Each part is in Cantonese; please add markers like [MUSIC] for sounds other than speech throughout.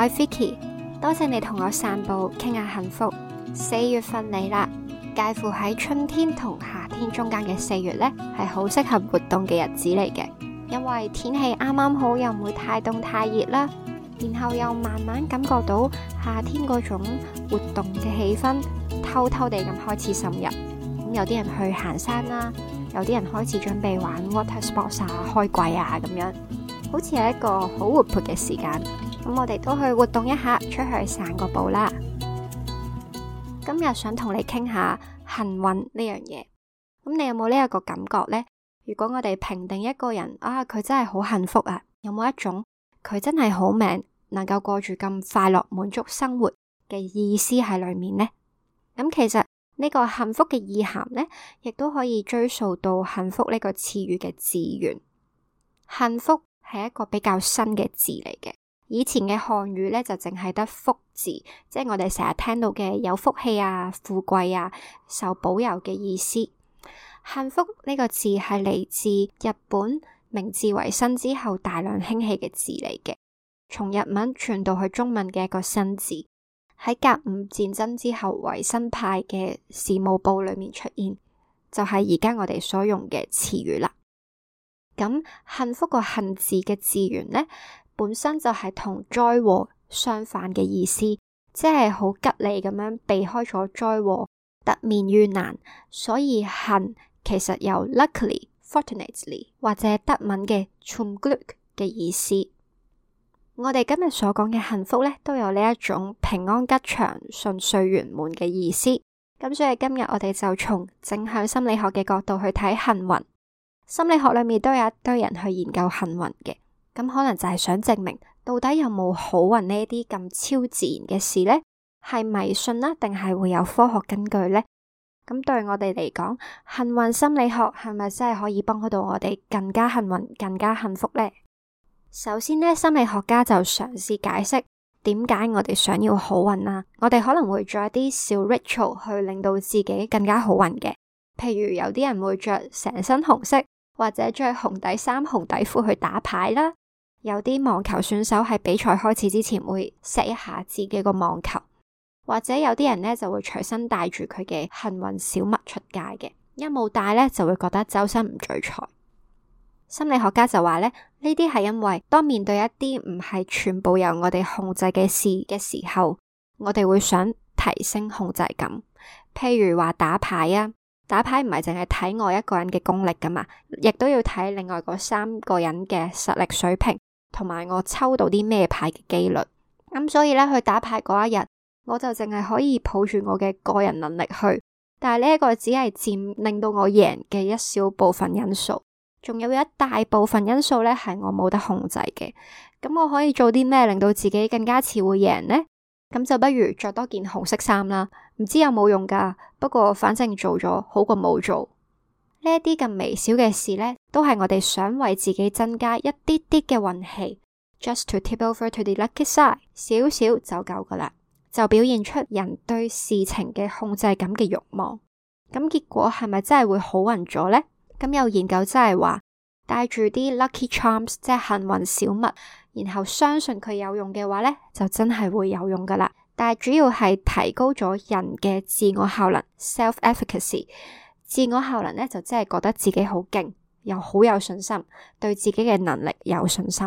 Hi Vicky，多謝你同我散步傾下幸福。四月份嚟啦，介乎喺春天同夏天中間嘅四月呢，係好適合活動嘅日子嚟嘅，因為天氣啱啱好，又唔會太凍太熱啦。然後又慢慢感覺到夏天嗰種活動嘅氣氛，偷偷地咁開始滲入。咁、嗯、有啲人去行山啦、啊，有啲人開始準備玩 water sports 啊，開季啊咁樣，好似係一個好活潑嘅時間。咁我哋都去活動一下，出去散個步啦。今日想同你傾下幸運呢樣嘢。咁你有冇呢一個感覺呢？如果我哋評定一個人啊，佢真係好幸福啊，有冇一種佢真係好命，能夠過住咁快樂、滿足生活嘅意思喺裏面呢？咁其實呢個幸福嘅意涵呢，亦都可以追溯到幸福呢個詞語嘅字源。幸福係一個比較新嘅字嚟嘅。以前嘅漢語呢，就淨係得福字，即係我哋成日聽到嘅有福氣啊、富貴啊、受保佑嘅意思。幸福呢個字係嚟自日本明治維新之後大量興起嘅字嚟嘅，從日文傳到去中文嘅一個新字，喺甲午戰爭之後維新派嘅時務報裡面出現，就係而家我哋所用嘅詞語啦。咁幸福個幸字嘅字源呢？本身就係同災禍相反嘅意思，即係好吉利咁樣避開咗災禍，幸免於難，所以幸其實有 luckily、fortunately 或者德文嘅 zum Glück 嘅意思。我哋今日所講嘅幸福咧，都有呢一種平安吉祥、順遂圓滿嘅意思。咁所以今日我哋就從正向心理學嘅角度去睇幸運。心理學裏面都有一堆人去研究幸運嘅。咁可能就係想證明到底有冇好運呢啲咁超自然嘅事呢？係迷信啦，定係會有科學根據呢？咁對我哋嚟講，幸運心理學係咪真係可以幫到我哋更加幸運、更加幸福呢？首先呢，心理學家就嘗試解釋點解我哋想要好運啊。我哋可能會做一啲小 ritual 去令到自己更加好運嘅。譬如有啲人會着成身紅色。或者着紅底衫、紅底褲去打牌啦。有啲網球選手喺比賽開始之前會錫一下自己個網球，或者有啲人呢就會隨身帶住佢嘅幸運小物出街嘅，一冇帶呢，就會覺得周身唔聚財。心理學家就話呢，呢啲係因為當面對一啲唔係全部由我哋控制嘅事嘅時候，我哋會想提升控制感，譬如話打牌啊。打牌唔係淨係睇我一個人嘅功力噶嘛，亦都要睇另外嗰三個人嘅實力水平，同埋我抽到啲咩牌嘅幾率。咁，嗯，所以咧，去打牌嗰一日，我就淨係可以抱住我嘅個人能力去，但係呢一個只係佔令到我贏嘅一小部分因素，仲有一大部分因素咧係我冇得控制嘅。咁我可以做啲咩令到自己更加似會贏呢？咁就不如着多件紅色衫啦。唔知有冇用噶，不過反正做咗好過冇做。呢一啲咁微小嘅事呢，都係我哋想為自己增加一啲啲嘅運氣，just to tip over to the lucky side，少少就夠噶啦，就表現出人對事情嘅控制感嘅欲望。咁結果係咪真係會好運咗呢？咁有研究真係話帶住啲 lucky charms 即係幸運小物，然後相信佢有用嘅話呢，就真係會有用噶啦。但係主要係提高咗人嘅自我效能 （self-efficacy）。自我效能呢，就即係覺得自己好勁，又好有信心，對自己嘅能力有信心。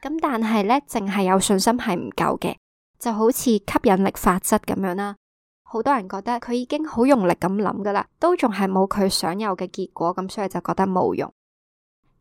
咁但係呢，淨係有信心係唔夠嘅，就好似吸引力法則咁樣啦。好多人覺得佢已經好用力咁諗噶啦，都仲係冇佢想有嘅結果，咁所以就覺得冇用。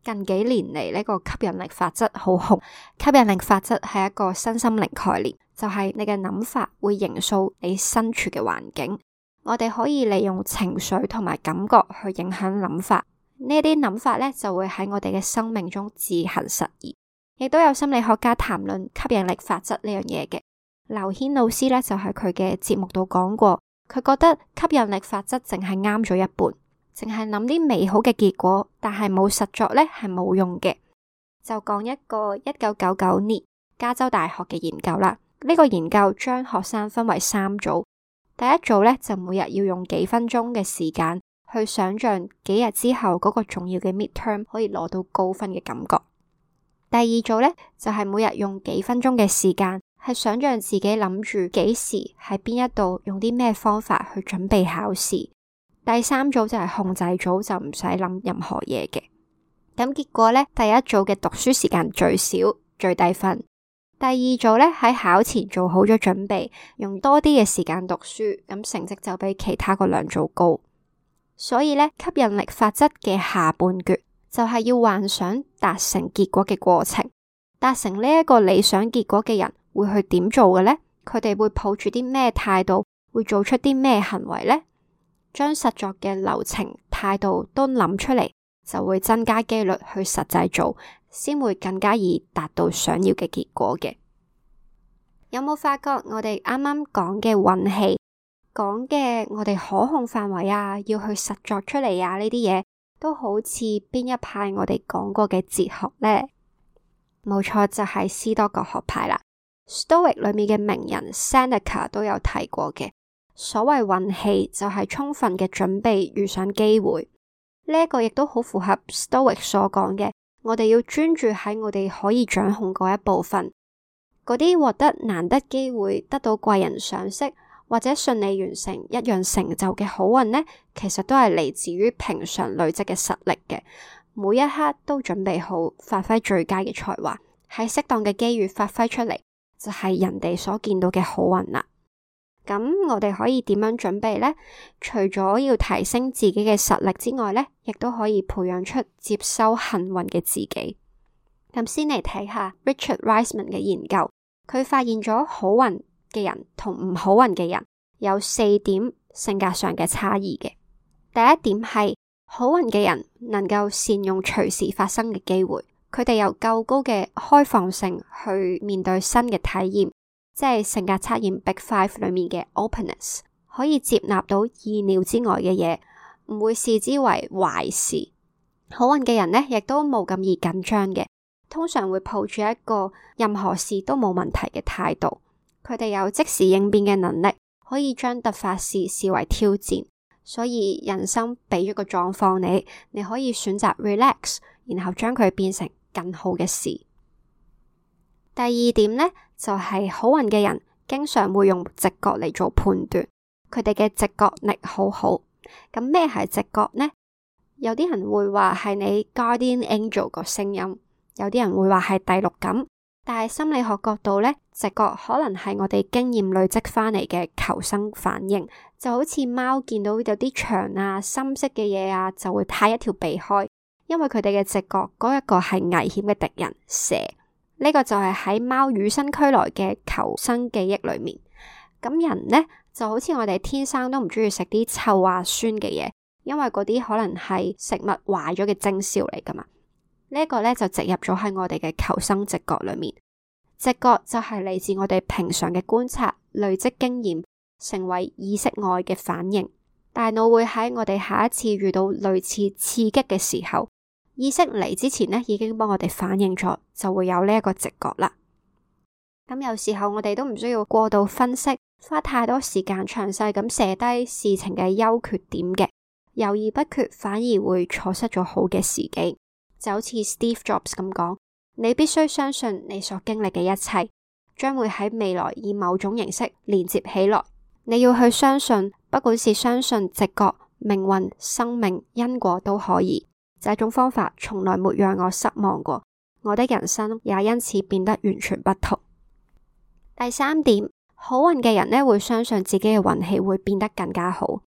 近幾年嚟呢，這個吸引力法則好紅。吸引力法則係一個身心靈概念，就係、是、你嘅諗法會形塑你身處嘅環境。我哋可以利用情緒同埋感覺去影響諗法，法呢啲諗法咧就會喺我哋嘅生命中自行實現。亦都有心理學家談論吸引力法則呢樣嘢嘅，劉軒老師咧就喺佢嘅節目度講過，佢覺得吸引力法則淨係啱咗一半。淨係諗啲美好嘅結果，但係冇實作呢係冇用嘅。就講一個一九九九年加州大學嘅研究啦，呢個研究將學生分為三組，第一組呢，就每日要用幾分鐘嘅時間去想象幾日之後嗰個重要嘅 midterm 可以攞到高分嘅感覺，第二組呢，就係每日用幾分鐘嘅時間係想象自己諗住幾時喺邊一度用啲咩方法去準備考試。第三組就係控制組，就唔使諗任何嘢嘅。咁結果咧，第一組嘅讀書時間最少，最低分。第二組咧，喺考前做好咗準備，用多啲嘅時間讀書，咁成績就比其他個兩組高。所以咧，吸引力法則嘅下半截就係要幻想達成結果嘅過程。達成呢一個理想結果嘅人會去點做嘅咧？佢哋會抱住啲咩態度？會做出啲咩行為咧？將實作嘅流程、態度都諗出嚟，就會增加幾率去實際做，先會更加易達到想要嘅結果嘅。有冇發覺我哋啱啱講嘅運氣，講嘅我哋可控範圍啊，要去實作出嚟啊呢啲嘢，都好似邊一派我哋講過嘅哲學呢？冇錯，就係、是、斯多葛學派啦。Stoic 裏面嘅名人 Seneca 都有提過嘅。所謂運氣就係、是、充分嘅準備遇上機會，呢、這個亦都好符合 Stoic 所講嘅。我哋要專注喺我哋可以掌控嗰一部分，嗰啲獲得難得機會、得到貴人賞識或者順利完成一樣成就嘅好運呢，其實都係嚟自於平常累積嘅實力嘅。每一刻都準備好發揮最佳嘅才華，喺適當嘅機遇發揮出嚟，就係、是、人哋所見到嘅好運啦。咁我哋可以點樣準備呢？除咗要提升自己嘅實力之外呢，亦都可以培養出接收幸運嘅自己。咁先嚟睇下 Richard Wiseman 嘅研究，佢發現咗好運嘅人同唔好運嘅人有四點性格上嘅差異嘅。第一點係好運嘅人能夠善用隨時發生嘅機會，佢哋有夠高嘅開放性去面對新嘅體驗。即係性格測驗 Big Five 裏面嘅 Openness，可以接納到意料之外嘅嘢，唔會視之為壞事。好運嘅人呢，亦都冇咁易緊張嘅，通常會抱住一個任何事都冇問題嘅態度。佢哋有即時應變嘅能力，可以將突發事視為挑戰。所以人生俾咗個狀況你，你可以選擇 relax，然後將佢變成更好嘅事。第二點呢。就係好運嘅人，經常會用直覺嚟做判斷，佢哋嘅直覺力好好。咁咩係直覺呢？有啲人會話係你 guardian angel 個聲音，有啲人會話係第六感。但係心理學角度呢，直覺可能係我哋經驗累積翻嚟嘅求生反應，就好似貓見到有啲長啊深色嘅嘢啊，就會派一條避開，因為佢哋嘅直覺嗰一個係危險嘅敵人蛇。呢個就係喺貓與生俱來嘅求生記憶裏面，咁人呢，就好似我哋天生都唔中意食啲臭或、啊、酸嘅嘢，因為嗰啲可能係食物壞咗嘅徵兆嚟噶嘛呢、呢個呢，就植入咗喺我哋嘅求生直覺裏面，直覺就係嚟自我哋平常嘅觀察、累積經驗，成為意識外嘅反應。大腦會喺我哋下一次遇到類似刺激嘅時候。意識嚟之前呢，已經幫我哋反應咗，就會有呢一個直覺啦。咁有時候我哋都唔需要過度分析，花太多時間詳細咁寫低事情嘅優缺點嘅，猶豫不決反而會錯失咗好嘅時機。就好似 Steve Jobs 咁講，你必須相信你所經歷嘅一切將會喺未來以某種形式連接起來。你要去相信，不管是相信直覺、命運、生命、因果都可以。這種方法從來沒讓我失望過，我的人生也因此變得完全不同。第三點，好運嘅人呢，會相信自己嘅運氣會變得更加好，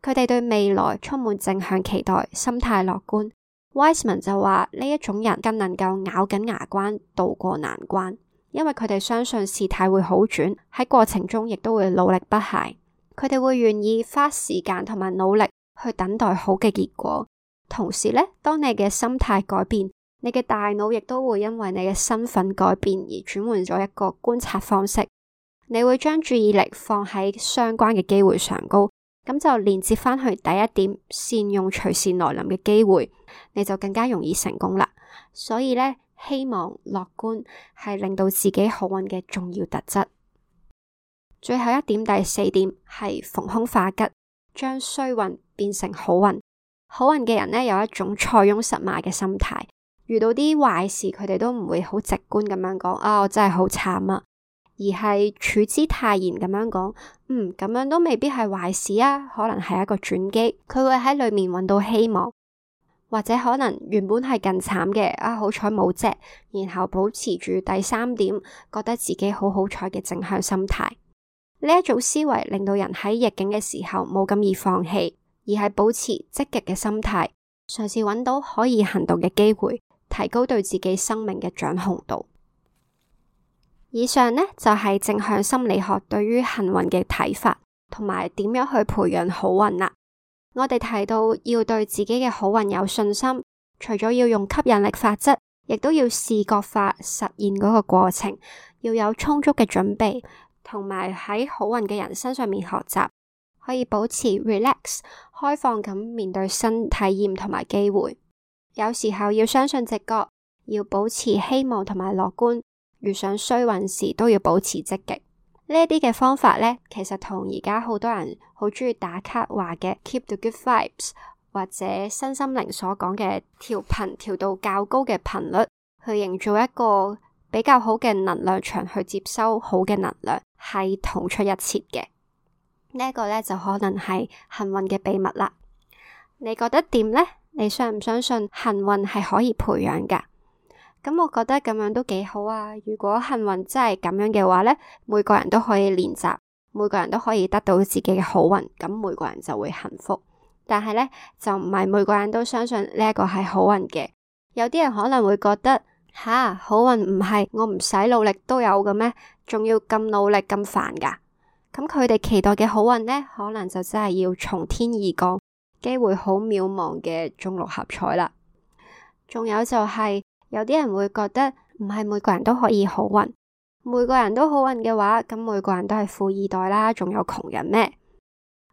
佢哋對未來充滿正向期待，心態樂觀。Wiseman 就話呢一種人更能夠咬緊牙關渡過難關，因為佢哋相信事態會好轉，喺過程中亦都會努力不懈，佢哋會願意花時間同埋努力去等待好嘅結果。同時呢，當你嘅心態改變，你嘅大腦亦都會因為你嘅身份改變而轉換咗一個觀察方式。你會將注意力放喺相關嘅機會上高，咁就連接翻去第一點，善用隨時來臨嘅機會，你就更加容易成功啦。所以呢，希望樂觀係令到自己好運嘅重要特質。最後一點，第四點係逢凶化吉，將衰運變成好運。好運嘅人呢，有一種塞翁失馬嘅心態，遇到啲壞事，佢哋都唔會好直觀咁樣講，啊，我真係好慘啊，而係處之泰然咁樣講，嗯，咁樣都未必係壞事啊，可能係一個轉機，佢會喺裏面揾到希望，或者可能原本係更慘嘅，啊，好彩冇啫，然後保持住第三點，覺得自己好好彩嘅正向心態，呢一種思維令到人喺逆境嘅時候冇咁易放棄。而係保持積極嘅心態，嘗試揾到可以行動嘅機會，提高對自己生命嘅掌控度。以上呢，就係正向心理學對於幸運嘅睇法，同埋點樣去培養好運啦。我哋提到要對自己嘅好運有信心，除咗要用吸引力法則，亦都要視覺化實現嗰個過程，要有充足嘅準備，同埋喺好運嘅人身上面學習，可以保持 relax。開放咁面對新體驗同埋機會，有時候要相信直覺，要保持希望同埋樂觀。遇上衰運時，都要保持積極。呢一啲嘅方法呢，其實同而家好多人好中意打卡話嘅 keep the good vibes，或者身心靈所講嘅調頻調到較高嘅頻率，去營造一個比較好嘅能量場，去接收好嘅能量，係同出一轍嘅。呢一個咧就可能係幸運嘅秘密啦，你覺得點咧？你相唔相信幸運係可以培養噶？咁我覺得咁樣都幾好啊！如果幸運真係咁樣嘅話咧，每個人都可以練習，每個人都可以得到自己嘅好運，咁每個人就會幸福。但係咧就唔係每個人都相信呢一個係好運嘅，有啲人可能會覺得吓，好運唔係我唔使努力都有嘅咩？仲要咁努力咁煩噶？咁佢哋期待嘅好運呢，可能就真係要從天而降，機會好渺茫嘅中六合彩啦。仲有就係，有啲人會覺得唔係每個人都可以好運，每個人都好運嘅話，咁每個人都係富二代啦，仲有窮人咩？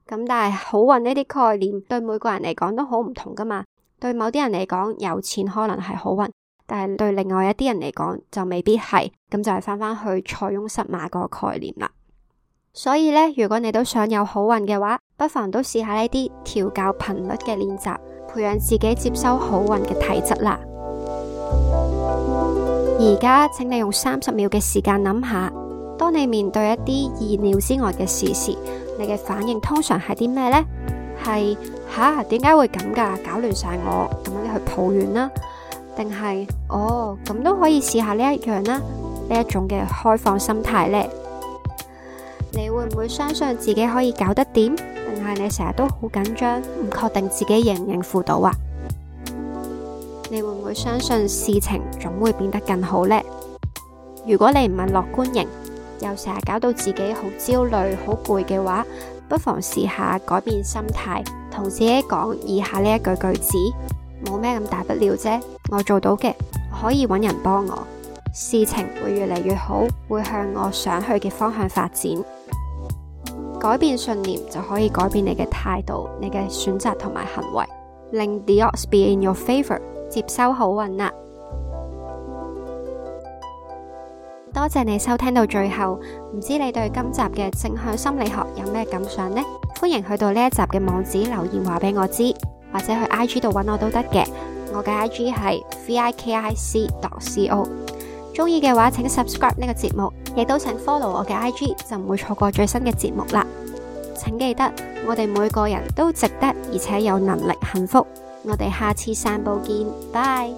咁但係好運呢啲概念對每個人嚟講都好唔同噶嘛。對某啲人嚟講有錢可能係好運，但係對另外一啲人嚟講就未必係。咁就係翻返去塞翁失馬個概念啦。所以咧，如果你都想有好運嘅話， [MUSIC] 不妨都試下呢啲調教頻率嘅練習，培養自己接收好運嘅體質啦。而家 [MUSIC] 請你用三十秒嘅時間諗下，當你面對一啲意料之外嘅事時，你嘅反應通常係啲咩呢？係吓，點解會咁噶？搞亂晒我咁樣去抱怨啦？定係哦，咁都可以試下呢一樣啦，呢一種嘅開放心態呢。會唔會相信自己可以搞得掂？定係你成日都好緊張，唔確定自己應唔應付到啊？你會唔會相信事情總會變得更好呢？如果你唔係樂觀型，又成日搞到自己好焦慮、好攰嘅話，不妨試下改變心態，同自己講以下呢一句句子：冇咩咁大不了啫，我做到嘅，可以揾人幫我，事情會越嚟越好，會向我想去嘅方向發展。改變信念就可以改變你嘅態度、你嘅選擇同埋行為，令 the odds be in your favor 接收好運啦！ [MUSIC] 多謝你收聽到最後，唔知你對今集嘅正向心理學有咩感想呢？歡迎去到呢一集嘅網址留言話俾我知，或者去 I G 度搵我都得嘅。我嘅 I G 係 vikic.co，中意嘅話請 subscribe 呢個節目。亦都請 follow 我嘅 IG，就唔會錯過最新嘅節目啦！請記得，我哋每個人都值得，而且有能力幸福。我哋下次散步見，拜。